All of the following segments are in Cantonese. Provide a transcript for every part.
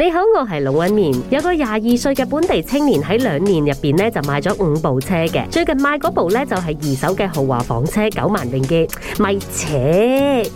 你好，我係龍紋敏。有個廿二歲嘅本地青年喺兩年入面咧就買咗五部車嘅。最近買嗰部咧就係、是、二手嘅豪華房車，九萬定幾。咪扯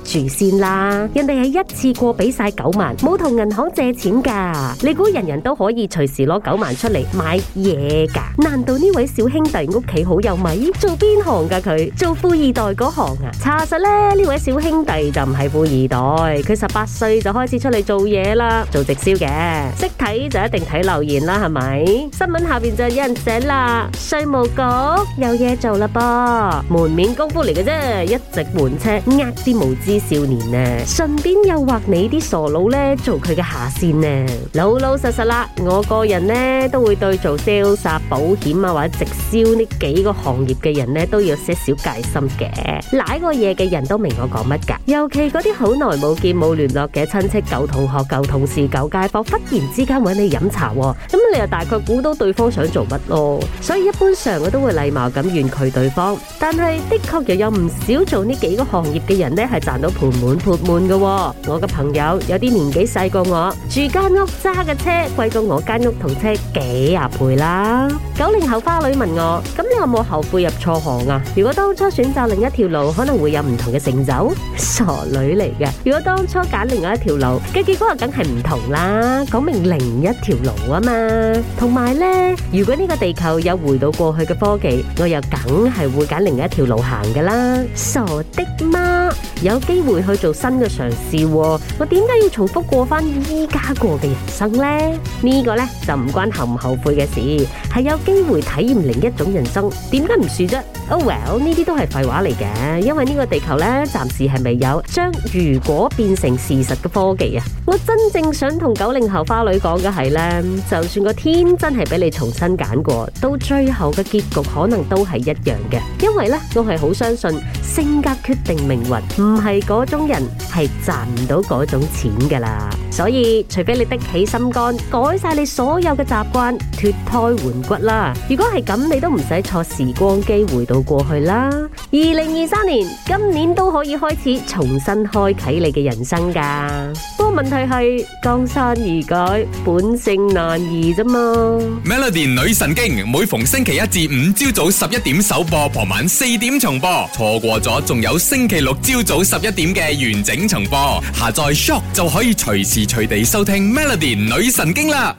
住先啦，人哋係一次過俾晒九萬，冇同銀行借錢噶。你估人人都可以隨時攞九萬出嚟買嘢噶？難道呢位小兄弟屋企好有米？做邊行噶？佢做富二代嗰行啊？查實咧呢，呢位小兄弟就唔係富二代，佢十八歲就開始出嚟做嘢啦，做直銷嘅。識睇就一定睇留言啦，係咪？新聞下邊就有人寫啦，稅務局有嘢做啦噃，門面功夫嚟嘅啫，一直換車，呃啲無知少年啊，順便誘惑你啲傻佬咧做佢嘅下綫啊，老老實實啦。我個人咧都會對做銷售、保險啊或者直銷呢幾個行業嘅人咧都有些少戒心嘅，拉過嘢嘅人都明我講乜㗎，尤其嗰啲好耐冇見冇聯絡嘅親戚、舊同學、舊同事、舊街坊。我忽然之間搵你飲茶喎，咁你又大概估到對方想做乜咯？所以一般上我都會禮貌咁婉拒對方。但係的確又有唔少做呢幾個行業嘅人呢，係賺到盆滿缽滿嘅。我嘅朋友有啲年紀細過我，住間屋揸嘅車，貴過我間屋同車幾廿倍啦。九零後花女問我：咁你有冇後悔入錯行啊？如果當初選擇另一條路，可能會有唔同嘅成就。傻女嚟嘅！如果當初揀另外一條路，嘅結果啊，梗係唔同啦。講明另一條路啊嘛。同埋呢，如果呢個地球有回到過去嘅科技，我又梗係會揀另一條路行㗎啦。傻的嗎？有機會去做新嘅嘗試，試、啊，我點解要重複過翻依家過嘅人生呢？這個、呢個咧就唔關後唔後悔嘅事，係有。機會體驗另一種人生，點解唔算啫？Oh well，呢啲都係廢話嚟嘅，因為呢個地球咧，暫時係未有將如果變成事實嘅科技啊。我真正想同九零後花女講嘅係咧，就算個天真係俾你重新揀過，到最後嘅結局可能都係一樣嘅，因為咧，我係好相信性格決定命運，唔係嗰種人係賺唔到嗰種錢噶啦。所以，除非你谷起心肝，改晒你所有嘅習慣，脫胎換骨啦。如果係咁，你都唔使坐時光機回到過去啦。二零二三年，今年都可以開始重新開啟你嘅人生噶。不過問題係江山易改，本性難移啫嘛。Melody 女神經每逢星期一至五朝早十一點首播，傍晚四點重播。錯過咗，仲有星期六朝早十一點嘅完整重播。下載 shop 就可以隨時隨地收聽 Melody 女神經啦。